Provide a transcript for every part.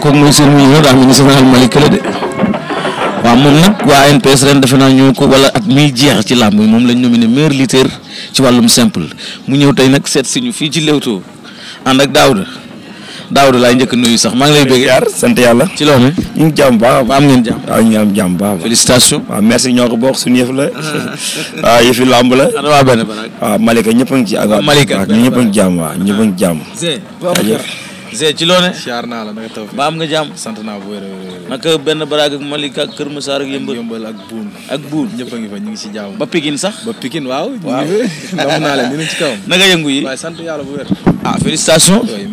kooku mooy seen million ñu mel ni général Malick la de waaw moom nag waa NPS ren defe naa ñoo ko wala at miy jeex ci làmb yi moom lañ nominé meilleur lutteur ci wàllum simple mu ñëw tey nag seet si ñu fii ci Leewtoo ànd ak Daouda Daouda laay njëkk nuyu sax maa ngi lay bëgg yaar sant yàlla ci loolu ne ñu ngi jàmm baax ba am ngeen jàmm waaw ñu ngi am jàmm baax félicitation waaw merci ñoo ko bokk suñu la waaw yëfi làmb waa benn ba a ngi ci ak Malika ñëpp a ngi jàmm waaw Zé ci loone siyaar naa la naka taw ba am nga jàmm sant naa bu wér euh, naka benn baraag ak Malika ak Kër Massar ak yëmbal yëmbal ak buun ak buun ñëpp a ngi fa ñu ngi si jàmm ba Pikine sax ba Pikine waaw waaw dam naa leen ñu ci kawam naka yëngu yi waaye sant yàlla bu wér ah félicitations oui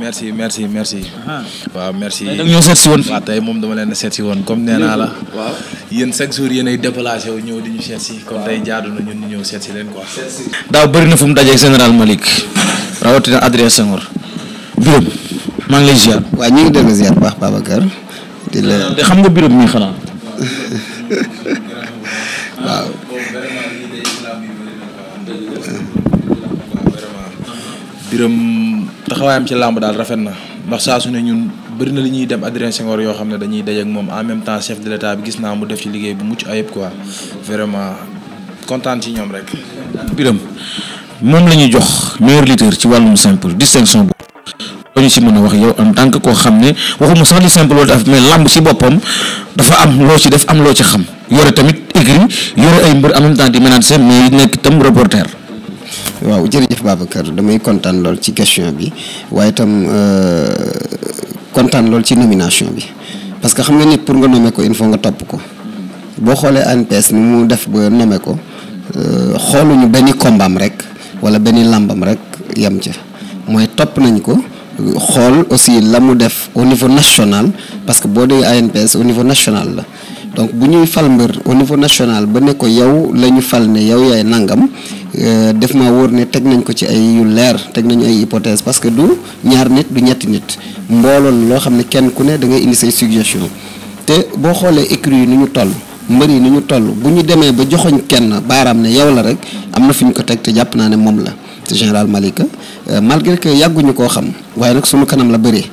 ah. waaw merci nag ñoo seet si woon waaw tey moom dama leen seet woon comme nee naa la waaw yéen chaque jour yéen ay wu ñëw di ñu seet si comme tey jaadu na ñu ñëw seet si leen quoi daaw bëri na fu mu dajeeg général Malick rawatina adresse Senghor birom maa ngi lay ziar. waaw ñu ngi dellu ziar bu baax Babacar. di te xam nga biram mi xanaa. waaw. biram taxawaayam ci làmb daal rafet na ndax saa su ne ñun bëri na li ñuy dem Adrien Senghor yoo xam ne dañuy daje ak moom en même temps chef de l'état bi gis naa mu def ci liggéey bu mucc ayib quoi vraiment kontaan ci ñoom rek. biram moom la ñuy jox meilleur lutteur ci wàllum simple distinction. ba ñu si mën a wax yow en tant que koo xam ne waxuma sax li simple loolu daf mais lamb si boppam dafa am loo ci def am loo ci xam yore tamit écrit yore ay mbër en même temps di menacer mais nekk itam reporter. waaw jërëjëf kër damay kontaan lool ci question bi waaye itam euh, kontaan lool ci nomination bi parce que xam nga nit pour nga nommer ko il faut nga topp ko boo xoolee ANPS ni mu def ba nommer ko xoolu euh, xooluñu benn kombam rek wala benn làmbam rek yem ca mooy topp nañ ko. xool aussi la mu def au niveau national parce que boo dee ANPS au niveau national la donc bu ñuy fal mbër au niveau national ba ne ko yow la ñu fal ne yow yaay nangam euh, def ma wóor ne teg nañ ko ci ay yu leer teg nañu ay hypothèse parce que du ñaar nit du ñetti nit mbooloon loo xam ne kenn ku ne da ngay indi say suggestion te boo xoolee écrit yi ni ñu toll mbër yi ni ñu toll bu ñu demee ba joxoñ kenn baaraam ne yow la rek am na fi ñu ko teg te jàpp naa ne moom la général Malika euh, malgré que yàgguñu koo xam waaye nag sunu kanam la bëree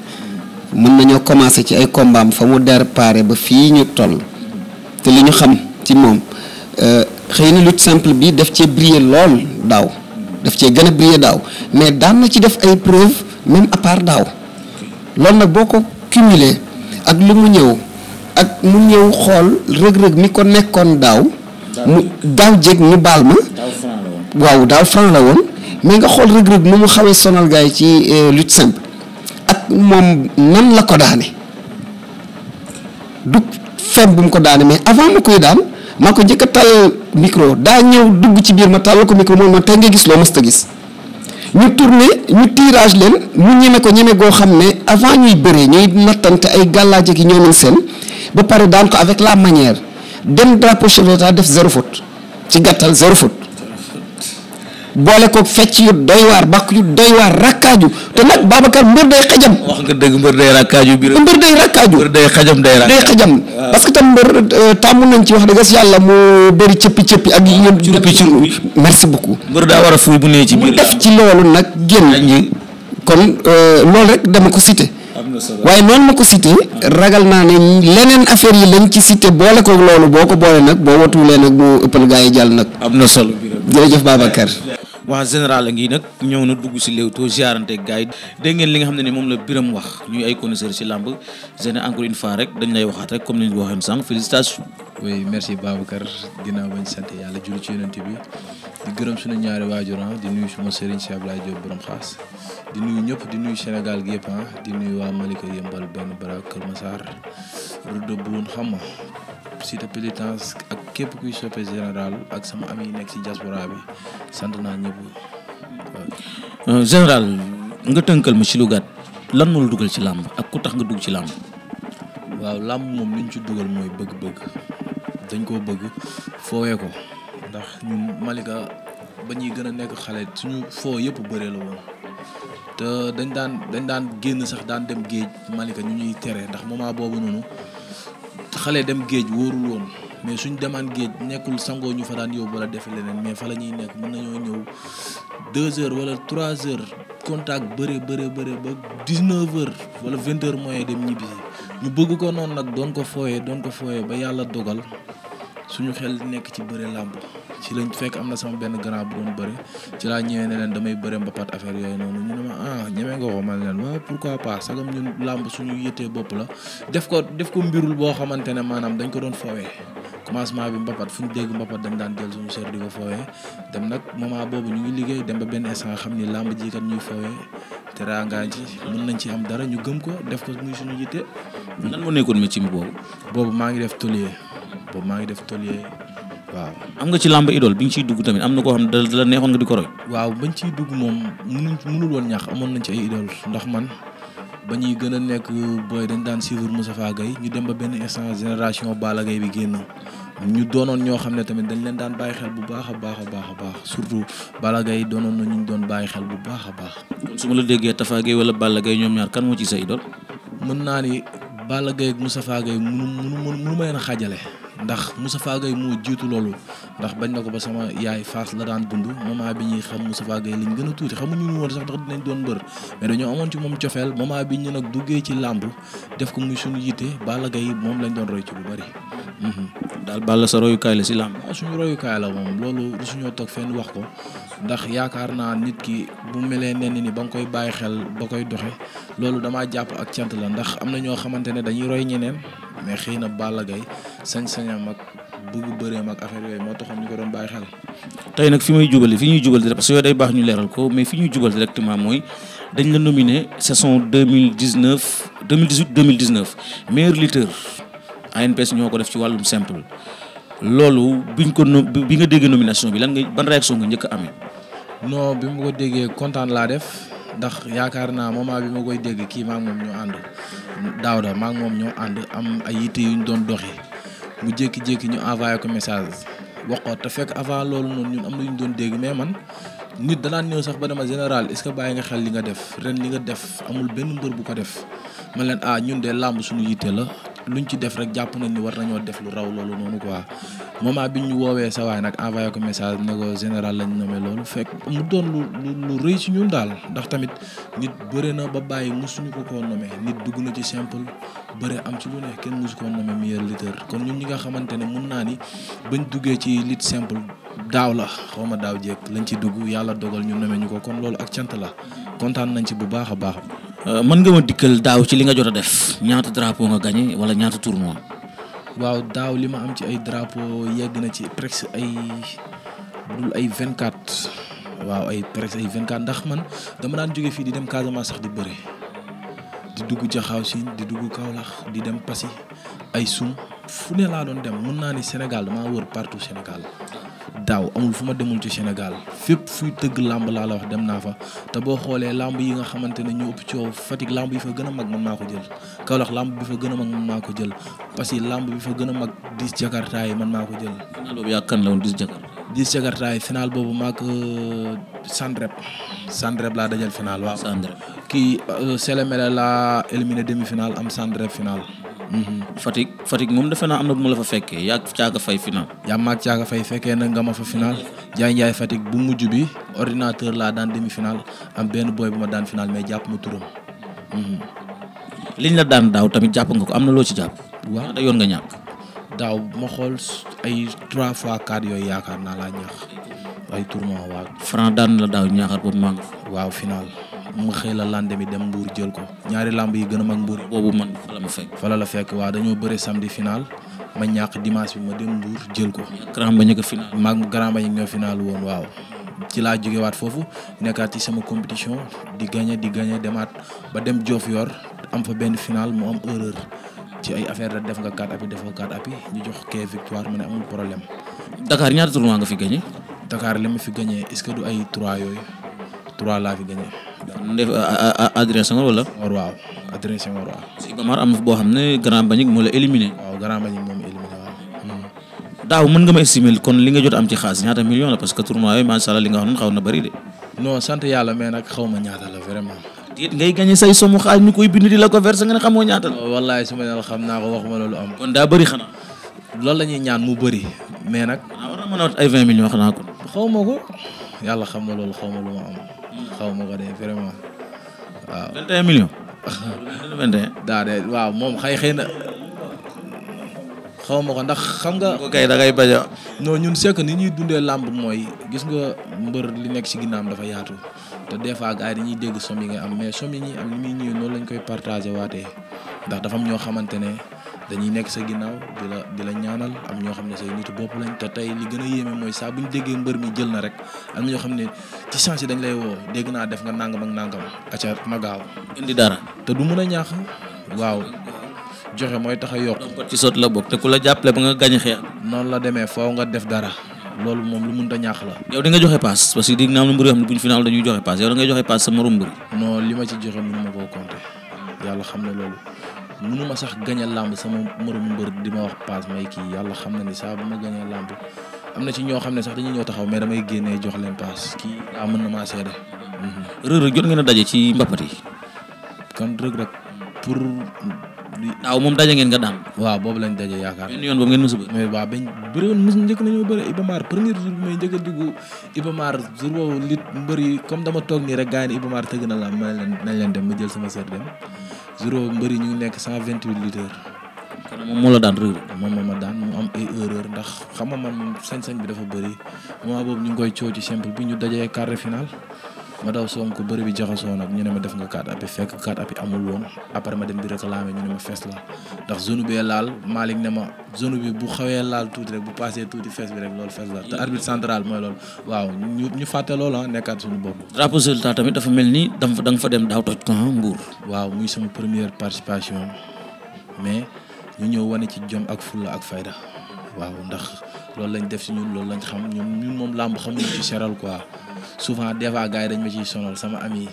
mën nañoo commencé ci ay combam fa mu der pare ba fii ñu toll te li ñu xam ci moom euh, xëy na lutte simple bi def cee briller lool daaw daf cee gën a briller daaw mais daan na ci def ay preuve même à part daaw loolu nag boo ko cumulé ak lu mu ñëw ak mu ñëw xool rëg-rëg mi ko nekkoon daaw mu daaw jéeg ñu baal ma waaw daaw franc la woon mais nga xool Reug Reug nu mu xawee sonal gars yi ci euh, lutte simple ak moom nan la ko daane du fem bu ko daane mais avant ma koy daan maa ko njëkk a tàllal micro daa ñëw dugg ci biir ma tàll ko micro moom ma tey nga gis loo mësta gis ñu tourné ñu tirage leen mu ñeme ko ñeme goo xam ne avant ñuy bëree ñuy nattante ay gàllaaje gi ñoomen seen ba pare daan ko avec la manière dem drapeau chef de def zéro faute ci gàttal zéro faute boole kook fecc yu doy waar bàkk yu doy waar rakkaaju te nag Babacar mbër day xajam. wax dëgg mbër day rakkaaju bi mbër day rakkaaju day xajam day xajam parce que tam mbër euh, tàmm nañ ci wax dëgg yàlla mu bëri cëppi cëppi ak yéen. cëppi cëppi merci beaucoup. mbër daa war a fuy bu ne ci biir mu def ci loolu nag génn. kon euh, loolu rek dama ko cité. waaye noonu ma ko cité ragal naa ne leneen affaire yi lañ ci cité boole ko loolu boo ko boole nag boo watulee nag mu ëppal gaa yi jàll nag. am na solo jërëjëf Babacar. waa général a ngi nag ñëw na dugg si Leewtoo ziarante gars yi dégg ngeen li nga xam ne ni moom la Biram wax ñuy ay connaisseur si làmb géné encore une fois rek dañ lay waxaat rek comme ni ñu waxee sànq félicitations. oui merci Babacar ginnaaw bañ sant yàlla julli ci yonent bi di gërëm suñu ñaari waajur ah, di nuyu suma sëriñ si Ablaye Diop borom xaas di nuyu ñëpp di nuyu Sénégal gi yëpp ah, di nuyu waa Malika yëmbal benn bara Kër Massar Rodo Boune xam nga Cité Pélétance képp kuy soppe général ak sama ami nekk ci diaspora bi sant naa ñëpp. Euh, général nga tënkal ma si lu gàtt lan moo la dugal ci làmb ak ku tax nga dugg ci làmb. waaw làmb moom li ñu ci dugal mooy bëgg-bëgg dañ koo bëgg foowee ko ndax ñun Malika ba ñuy gën a nekk xale suñu foo yëpp bëree la woon. te dañ daan dañ daan génn sax daan dem géej Malika ñu ñuy tere ndax moment boobu noonu xale dem géej wóorul woon. mais suñ demaan géej nekkul sangoo ñu fa daan yóbbu wala defi leneen mais fa la ñuy nekk mën nañoo ñëw deux heures wala trois heures contact bëre bëre bëre ba dix-neuf heures wala vingt heures mooy dem ñibbi ñu bëgg ko noonu nag doon ko fooyee doon ko fooyee ba yàlla dogal suñu xel nekk ci bëre làmb ci lañ fekk am na sama benn grand bu doon bëre ci laa ñewee ne leen damay bëre mbapat affaire yooyu noonu ñu ne ma ah ñeme nga ko man làmb suñu yëttee bopp la def ko def ko mbirul boo xamante ne maanaam dañ ko doon fowee commencement bi mbapat fu ñu dégg mbapat dañ daan jël suñu sër di ko foowee dem nag moment boobu ñu ngi liggéey dem ba benn instant xam ni làmb ji nañ ci am dara ñu gëm ko def ko muy suñu yitte. lan moo nekkoon métier mi boobu. boobu maa ngi def tôlier boobu maa ngi def tôlier waaw. am nga ci làmb idole bi ñu ciy dugg tamit am na ko xam ne da neexoon nga di ko roy. waaw bañ ciy dugg moom mënuñ woon ñax amoon nañ ci ay idole ndax man. ba ñuy gën a nekk booy dañu daan suivre Moustapha Gueye ñu dem ba benn instant génération Balla Gaye bi génn ñu doonoon ñoo xam ne tamit dañu leen daan bàyyi xel bu baax a baax a baax a baax surtout Balla Gaye doonoon na ñu doon bàyyi xel bu baax a baax. su ma la déggee Tafa Gueye wala Balla Gaye ñoom ñaar kan moo ci sa idol mën naa ni Balla Gaye ak Moustapha Gueye mënu mënu ma leen xaajale. ndax Moustapha Gueye mu jiitu loolu ndax bañ na ko ba sama yaay Fass la daan dund moment bi ñuy xam Moustapha Gueye liñ gën a tuuti xamuñu woon sax ndax dinañ doon mbër mais dañoo amoon ci moom cofeel moment bi ci làmb def ko muy suñu yitte Balla moom lañ doon roy ci bu bari mhm. daal Balla sa royukaay la si làmb waaw ah, suñu royukaay la moom loolu suñoo toog fenn wax ko ndax yaakaar naa nit ki bu melee nenn ni ba nga koy bàyyi xel ba koy doxe loolu damaa jàpp ak cant la ndax am na ñoo xamante ne dañuy roy ñeneen mais xëy na Balla Gaye sañ-sañam ak bëgg bëreem ak affaire yooyu moo taxoon ñu ko doon bàyyi xel. tey nag fi may jubali fi ñuy jubal parce que yooyu day baax ñu leeral ko mais fi ñuy jubal directement mooy dañ la nominé saison deux mille dix neuf deux mille dix huit deux mille dix neuf meilleur lutteur ANPS ñoo ko def ci wàllum simple loolu biñ ko no bi nga déggee nomination bi lan nga ban réaction nga njëkk a amee. bi mu ko déggee kontaan laa def. ndax yaakaar naa moment bi ma koy dégg kii maa moom ñoo ànd Daouda maa ngi moom ñoo ànd am ay yitte yu ñu doon doxi mu jékki-jékki ñu envoyé ko message wax ko te fekk avant loolu noonu ñun am na ñu doon dégg mais man nit danaan ñëw sax ba dama général est-ce que bàyyi nga xel li nga def ren li nga def amul benn mbër bu ko def ma leen ah ñun de làmb suñu yitte la lu ñu ci def rek jàpp nañ ni war nañoo def lu raw loolu noonu quoi moment bi ñu woowee sa nag envoyé ko message ne ko général lañ nommé loolu fekk mu doon lu lu rëy ci ñun daal ndax tamit nit bëre na ba bàyyi musuñu ko koo nommé nit dugg na ci simple bëre am ci lu ne kenn musu koo nommé meilleur lutteur kon ñun ñi nga xamante ne mun naa ni bañ duggee ci lutte simple daaw la xaw ma daaw jéeg lañ ci dugg yàlla dogal ñu nommé ñu ko kon loolu ak cant la kontaan nañ ci bu baax a baax. Euh, mën nga ma dikkal daaw ci li nga jot a def ñaata drapeau nga gagné wala ñaata tournoi. waaw daaw li ma am ci ay drapeau yegg na ci presque ay budul ay vingt quatre waaw ay presque ay vingt quatre ndax man dama daan jóge fii di dem Casamance sax di bëri di dugg Jaxaaw Siin di dugg Kaolack di dem Passy ay sum fu ne laa doon dem mën naa ni Sénégal damaa wër partout Sénégal. daaw amul fu ma demul ci Sénégal fépp fuy tëgg làmb laa la wax dem naa fa te boo xoolee làmb yi nga xamante ne ñu ëpp coow Fatick làmb yi fa gën a mag man maa ko jël Kaolack làmb bi fa gën a mag man maa ko jël parce que làmb bi fa gën a mag dis jakarta yi man maa ko jël. final boobu yaa kan la woon dis yi final boobu maag euh, Sandrep Sandrep laa dajal final waaw. kii euh, Sélémélé laa éliminé demi final am Sandrep final. Mhm. Fatick Fatick moom defe naa am na bu ma la fa fekkee yaa caaga fay final. yaa maag caaga fay fekkee na nga ma fa final Ndiaye Ndiaye Fatick bu mujj bi ordinateur laa daan demi final am benn booy bu ma daan final mais jàpp ma turam. Mhm. liñ la daan daaw tamit jàpp nga ko am na loo ci jàpp. waaw da yoon nga ñàkk. daaw ma xool ay trois fois quatre yooyu yaakaar naa laa ñaax ay tournoi waaw. Franc daan la daaw ñaaxar boobu maa ngi. waaw final. ma xëy la lendemain dem mbuur jël ko ñaari lamb yi gën a mag mbuur boobu man fala fekk fala la fekk waaw dañoo bëre samedi final ma ñàkk dimanche bi ma dem mbuur jël ko grand ba ñu ko final maag ñoo final woon waaw ci laa jógewaat foofu nekkaat ci sama compétition di gagné di gagné demaat ba dem Joof yor am fa benn final mu ci ay affaire da def nga quatre appuis def nga quatre appuis ñu jox kee ne amul problème Dakar ñaata tournoi nga fi gagné Dakar li ma fi gagné est-ce que du ay trois yooyu trois laa fi gagné mu def Adrien Senghor wala. waaw Adrien Senghor waaw. si Iba Mar am na boo xam ne Grand Bañik moo la éliminé. waaw Grand Bañik moom éliminé waaw. Hmm. daaw mën nga ma estimer kon li nga am ci xaalis ñaata million la parce que tournoi yooyu macha allah li xaw na bëri de. non sant yàlla mais nag xaw ma ñaata la vraiment. déet ngay gagné say somu xaalis ñu koy bind di la ko versé nga ne xamoo ñaata la. wallaay xam naa ko waxuma loolu am. kon daa bëri xanaa. loolu la ñuy mu bëri mais na mën a wat ay 20 millions xanaa kon. xaw ma ko xaw ma ko dee vraiment waaw. 21 millions. 21. daa de moom xay xëy na xaw ma ko ndax xam nga. ko kay da ngay bañ ñun c'est ni ñuy dundee làmb mooy gis nga mbër li nekk ci ginnaam dafa yaatu te des fois gars yi dañuy dégg somme yi ngay am mais somme yi am ni muy ñëwee noonu lañ koy partagé waate ndax dafa ñoo xamante ne. dañuy nekk sa ginnaaw di la di la ñaanal am ñoo xam ne say nitu bopp lañ te tey li gën a yéeme mooy saa bu ñu déggee mbër mi jël na rek am ñoo xam ne ci sens dañ lay woo dégg naa def nga nangam ak nangam aca na gaaw indi dara te du mën a ñaax waaw joxe mooy tax a yokk ci sot la bokk te ku la jàppale ba nga gañ xeex noonu la demee foo nga def dara loolu moom lu mun ta ñaax la yow di nga joxe paas parce que di mbër yoo xam ne bu ñu final dañuy joxe paas yow da ngay joxe paas sa morom mbër non li ma ci joxe mënu ma koo compter yàlla xam ne loolu mënu ma sax gañe làmb sama moromu mbër di ma wax paas may kii yàlla xam na ni saa bu ma gañee làmb am na ci ñoo xam ne sax dañu ñëw taxaw mais damay génn jox leen paas kii ah mën na maa seede. Mm-hmm. rëg jot ngeen a daje ci mbapat yi. kon rëg rek pour. daaw moom daje ngeen nga daan. waaw boobu lañ daje yaakaar. benn yoon boobu ngeen mos a bëri. waaw bañ bëri woon mos njëkk nañoo bëri Ibamaar premier jour bi may njëkk a dugg Ibamaar jour boobu lit mbëri comme dama toog nii rek gars yi Ibamaar tëgg na la ma leen nañ leen dem ma jël sama seet zéro mbëri ñu nekk cent vingt huit lutteurs. kon moom moo la daan rëy moom moo ma daan mu am ay erreur ndax xam man sañ-sañ bi dafa bëri moment boobu ñu ngi koy coow ci simple bi ñu dajee quart de ma daw Sonko bëri bi jaxasoo nag ñu ne ma def nga kaat api fekk kaat api amul woon après ma dem di réclamer ñu ne ma fees la ndax zone bi laal Malick ne ma zone bi bu xawee laal tuuti rek bu passé tuuti fees bi rek loolu fees la te arbitre central mooy loolu waaw ñu ñu fàtte loolu ah nekkaat suñu bopp. drapeau résultat tamit dafa mel ni da nga fa dem daaw toj ko ah, Mbour. waaw muy sama première participation mais ñu ñëw wane ci jom ak fulla ak fayda waaw ndax loolu lañ def si ñun lañ xam ñun ñun moom làmb xamuñu ci quoi. souvent des fois gars yi dañ ma ciy sonal sama ami yi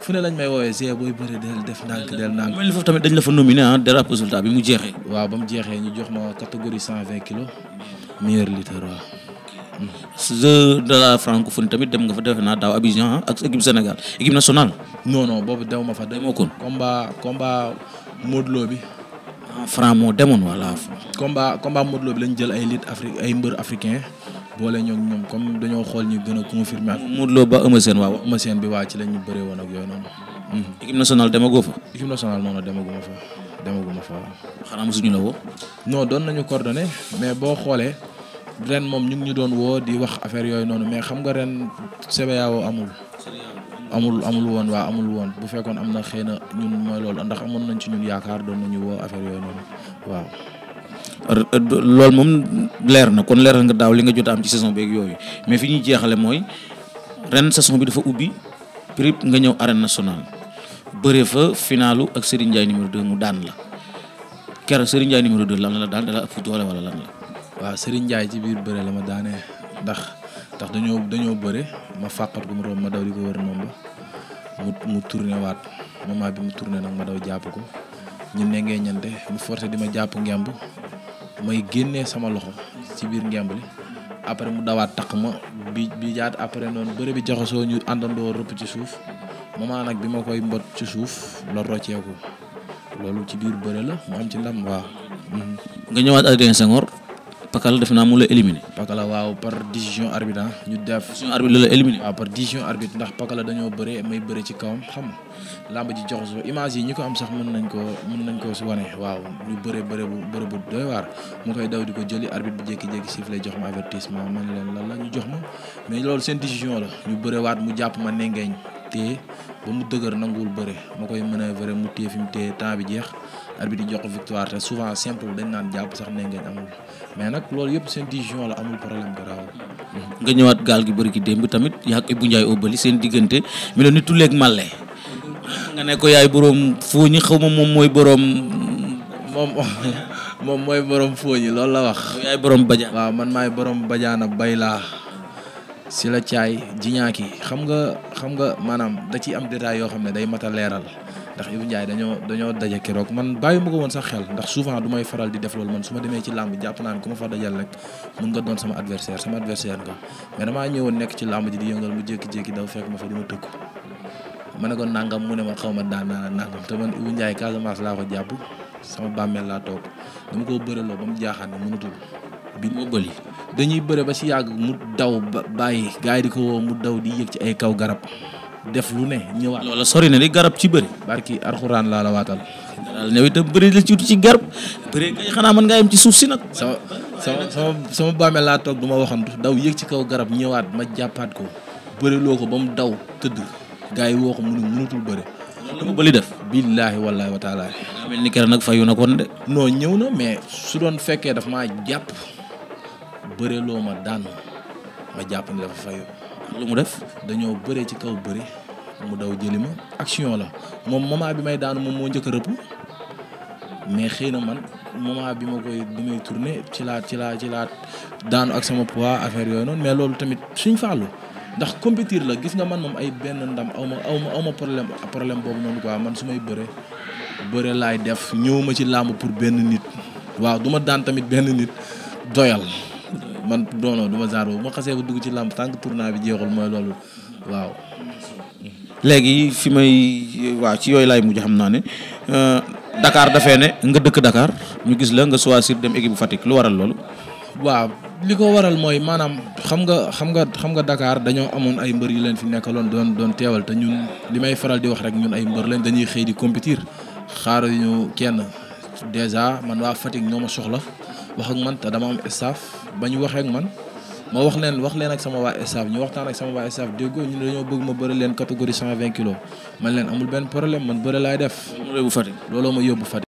fu ne lañ may woowee Zia booy bëri def ndànk del ndànk. mel ni tamit dañ la fa nominé ah dara résultat bi mu jeexe waaw ba mu jeexee ñu jox ma catégorie cent vingt kilos meilleur lutteur waaw. jeu de la francophonie tamit dem nga fa defe naa daaw Abidjan ah, ak équipe Sénégal équipe nationale. non boobu dew ma fa demoo kon. combat combat Modou bi. ah Franc moo demoon voilà. combat combat Modou bi lañ jël ay lutte Afrique ay mbër africain boole ñoom ñoom comme dañoo xool ñu gën a confirmé ak. Modou Lo ba Eumeu Sène waaw Eumeu Sène bi waa ci la ñu bëree woon ak yooyu noonu. Hmm. équipe nationale demagoo fa. équipe nationale noonu demaguma fa demaguma fa waaw. xanaa mosuñu la woo. non doon nañu coordonné mais boo xoolee ren moom ñu ñu doon woo di wax affaire yooyu noonu mais xam nga ren CBAO amul. amul amul woon waa amul woon bu fekkoon am na xëy na ñun mooy loolu ndax amoon nañ ci ñun yaakaar doon nañu woo affaire yooyu noonu waaw. Euh, loolu moom leer na kon leeral nga daaw li nga jot am ci saison beeg yooyu mais fi ñuy jeexale mooy ren saison bi dafa ubbi prip nga ñëw arène nationale bëree fa finaalu ak Serigne Ndiaye numéro 2 mu daan la keroog Serigne Ndiaye numéro la daan da la ëpp doole wala lan la. waaw Serigne Ndiaye ci biir bëre la ma daanee ndax ndax dañoo dañoo bëre ma fàqat ko mu romb ma daw di ko wër moom mu mu tourné waat moment bi mu tourné ma daw jàpp ko ñun ne ngee ñante mu forcé di ma jàpp ngemb may génne sama loxo ci biir ngemb après mu dawaat taq ma bi bi jaat après noonu bëre bi jaxasoo ñu àndandoo rëpp ci suuf maman nag bi ma koy mbot ci suuf la rocceeku loolu ci biir bëre la mu am ci ndam waaw. nga ñëwaat Adrien Senghor. Pakala def naa mu la éliminé. Pakala waaw par décision arbitre ah, ñu def. décision la éliminé. waaw par décision arbitre ndax Pakala dañoo bëre may bëre ci kawam xam nga làmb ji jox ko image yi ñi ko am sax mën nañ koo mën nañ koo wane waaw ñu bëre bëre bu bëre mu koy daw di ko jëli arbitre bi jékki-jékki siffle jox ma avertissement ma ne leen lan ñu jox ma mais loolu seen décision la ñu bëre waat mu jàpp ma nengeeñ te ba mu dëgër nanguwul bëre ma koy manœuvrer mu téye fi mu téye temps bi jeex arbitre di jox ko victoire te souvent simple dañ naan jàpp sax ne ngeen amul mais nag loolu yëpp seen décision la amul problème garaaw mhm. nga ñëwaat gaal gi bëri ki démb tamit yaa ak Ibou Ndiaye seen diggante mi la ni tuleeg Mallé nga ne ko yaay boroom fooñi xaw ma moom mooy boroom moom moom mooy boroom fooñi loolu la wax. yaay boroom bajaan waaw man maay boroom bajaana bay laa. si la caay jiñaaki xam nga xam nga maanaam da ciy am détail yoo xam ne day mat a leeral ndax Ibou Ndiaye dañoo dañoo daje keroog man bàyyi mu ko woon sax xel ndax souvent du may faral di def loolu man su ma demee ci làmb jàpp naa ku ma fa dajal rek mun nga doon sama adversaire sama adversaire nga mais damaa ñëwoon nekk ci làmb ji di yëngal mu jékki-jékki daw fekk ma fa duma tëkku ma ne ko nangam mu ne ma xaw ma daan naa nangam te man Ibou Ndiaye Casamance laa ko jàpp sama bàmmeel laa toog dama koo bëreloo ba mu jaaxaan ne mënatul bi ma bëli dañuy bëre ba si yàgg mu daw ba bàyyi gars di ko woo mu daw di yëg ci ay kaw garab def lu ne ñëwaat. loola sori na garab ci bëri. barki arxuraan laa la waatal. daal ñëw itam la ci ci garab xanaa mën ngaa yem ci suuf si nag. sama sama sama sama bàmmeel laa toog du ma waxantu daw yëg ci kaw garab ñëwaat ma jàppaat ko bëri loo ko ba mu daw tëdd gars yi woo ko mu ne mënatul bëri. billaahi wallaahi wa taala. ni keroog nag fayu na kon de. non ñëw na mais su doon fekkee daf maa jàpp. bëre loo ma daan ma jàpp la dafa fayu lu mu def dañoo bëre ci kaw bëre mu daw jëli ma action la moom moment bi may daanu moom moo njëkk rëpp mais xëy na man moment bi ma koy bi may tourné ci laa ci laa ci laa daanu ak affaire yooyu noonu mais loolu tamit suñ fàllu ndax compétir la gis nga man moom ay benn ndam aw aw ma aw ma problème problème boobu noonu quoi man su may bëre bëre laay def ñëw ci làmb pour benn nit waaw du ma daan tamit benn nit doyal man non non du ma genre boobu ma xasee ba dugg ci làmb tànk tournoi bi jeexul mooy loolu waaw. léegi fi may waaw ci yooyu laay mujj xam naa ne euh, dakaar dafee ne nga dëkk dakaar ñu gis la nga choisir dem équipe bu Fatick lu waral loolu. waaw li ko waral mooy maanaam xam nga xam nga xam nga dakaar dañoo amoon ay mbër yu leen fi nekkaloon doon doon teewal te ñun li may faral di wax rek ñun ay mbër lañ dañuy xëy di compétir xaaruñu kenn dèjà man waa Fatick ñoo ma soxla. wax ak man te dama am staff ba ñu waxee ak man ma wax leen wax leen ak sama waa staff ñu waxtaan ak sama waa staff déggoo ñu ne dañoo bëgg bëri leen catégorie 120 kilos man leen amul benn problème man bëri laay def. looloo ma yóbbu Fatick.